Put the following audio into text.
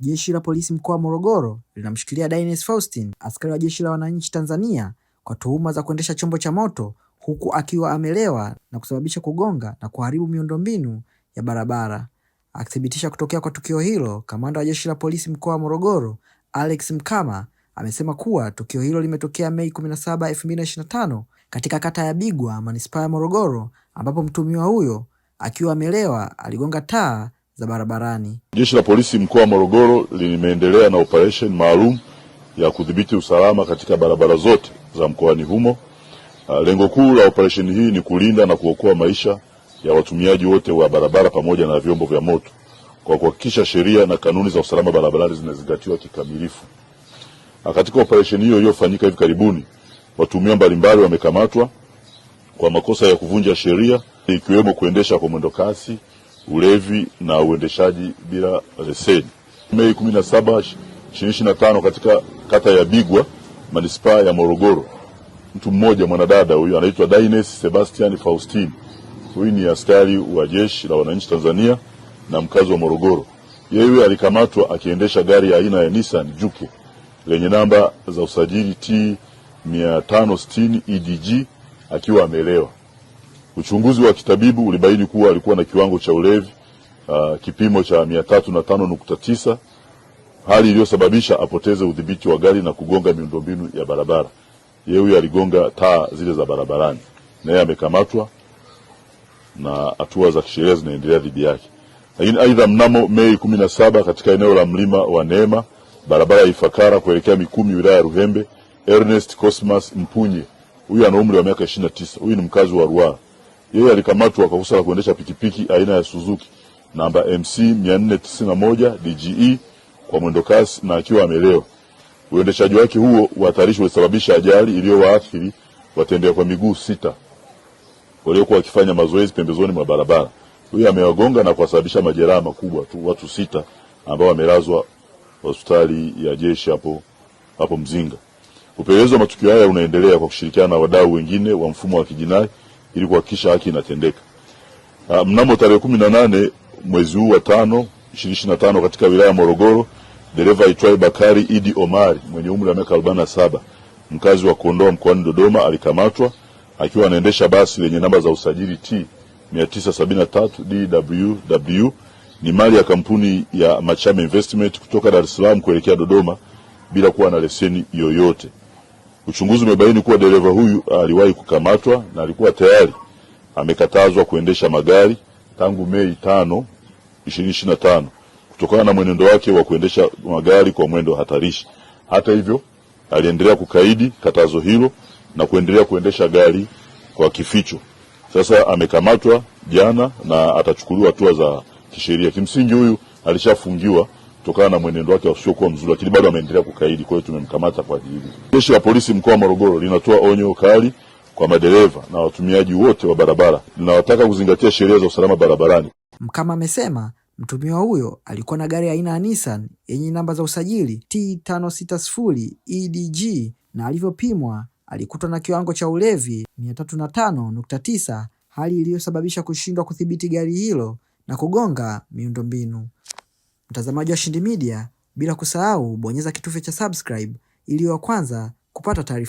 Jeshi la Polisi mkoa wa Morogoro linamshikilia Dainis Faustin, askari wa Jeshi la Wananchi Tanzania kwa tuhuma za kuendesha chombo cha moto huku akiwa amelewa na kusababisha kugonga na kuharibu miundombinu ya barabara. Akithibitisha kutokea kwa tukio hilo, Kamanda wa Jeshi la Polisi mkoa wa Morogoro, Alex Mkama, amesema kuwa tukio hilo limetokea Mei 17, 2025 katika kata ya Bigwa, Manispaa ya Morogoro ambapo mtuhumiwa huyo akiwa amelewa aligonga taa za barabarani. Jeshi la polisi mkoa wa Morogoro limeendelea na operation maalum ya kudhibiti usalama katika barabara zote za mkoani humo. Ah, lengo kuu la operation hii ni kulinda na kuokoa maisha ya watumiaji wote wa barabara pamoja na vyombo vya moto kwa kuhakikisha sheria na kanuni za usalama barabarani zinazingatiwa kikamilifu. Ah, katika operation hiyo iliyofanyika hivi karibuni, watuhumiwa mbalimbali wamekamatwa kwa makosa ya kuvunja sheria ikiwemo kuendesha kwa mwendo kasi ulevi na uendeshaji bila leseni. Mei 17, 25 katika kata ya Bigwa manispaa ya Morogoro, mtu mmoja mwanadada huyu anaitwa dines Sebastian Faustin. Huyu ni askari wa jeshi la wananchi Tanzania na mkazi wa Morogoro. Yeye alikamatwa akiendesha gari aina ya Nissan Juke lenye namba za usajili T 560 EDG akiwa amelewa. Uchunguzi wa kitabibu ulibaini kuwa alikuwa na kiwango cha ulevi uh, kipimo cha tisa hali iliyosababisha apoteze udhibiti wa gari na kugonga miundombinu ya barabara. Yeye huyo aligonga taa zile za barabarani, na yeye amekamatwa na hatua za kisheria zinaendelea dhidi yake. Lakini aidha, mnamo Mei saba katika eneo la mlima wa Neema, barabara ya Ifakara kuelekea Mikumi, wilaya ya Ruhembe, Ernest Cosmas Mpunye, huyu ana umri wa miaka 29, huyu ni mkazi wa Ruaha, yeye alikamatwa kwa kosa la kuendesha pikipiki aina ya Suzuki namba MC 491 DGE kwa mwendo kasi na akiwa amelewa. Uendeshaji wake huo uhatarishi ulisababisha ajali iliyowaathiri watembea kwa miguu sita waliokuwa wakifanya mazoezi pembezoni mwa barabara. Huyo amewagonga na kuwasababisha majeraha makubwa tu watu sita ambao wamelazwa hospitali ya jeshi hapo hapo Mzinga. Upelelezi wa matukio haya unaendelea kwa kushirikiana na wadau wengine wa mfumo wa kijinai ili kuhakikisha haki inatendeka. Uh, mnamo tarehe kumi na nane mwezi huu wa tano 2025 katika wilaya ya Morogoro, dereva aitwaye Bakari Idi Omari mwenye umri wa miaka 47 mkazi wa Kondoa mkoani Dodoma alikamatwa akiwa anaendesha basi lenye namba za usajili T 973 DWW ni mali ya kampuni ya Machame Investment kutoka Dar es Salaam kuelekea Dodoma bila kuwa na leseni yoyote. Uchunguzi umebaini kuwa dereva huyu aliwahi kukamatwa na alikuwa tayari amekatazwa kuendesha magari tangu Mei 5, 2025 kutokana na mwenendo wake wa kuendesha magari kwa mwendo hatarishi. Hata hivyo, aliendelea kukaidi katazo hilo na kuendelea kuendesha gari kwa kificho. Sasa amekamatwa jana na atachukuliwa hatua za kisheria. Kimsingi huyu alishafungiwa kutokana na mwenendo wake usiokuwa mzuri, lakini bado ameendelea kukaidi. Kwa hiyo tumemkamata kwa ajili. Jeshi la Polisi mkoa wa Morogoro linatoa onyo kali kwa madereva na watumiaji wote wa barabara, linawataka kuzingatia sheria za usalama barabarani. Mkama amesema mtumiwa huyo alikuwa na gari aina ya Nissan yenye namba za usajili T560 EDG na alivyopimwa alikutwa na kiwango cha ulevi 305.9, hali iliyosababisha kushindwa kudhibiti gari hilo na kugonga miundombinu mtazamaji wa Shindi Media, bila kusahau bonyeza kitufe cha subscribe ili wa kwanza kupata taarifa.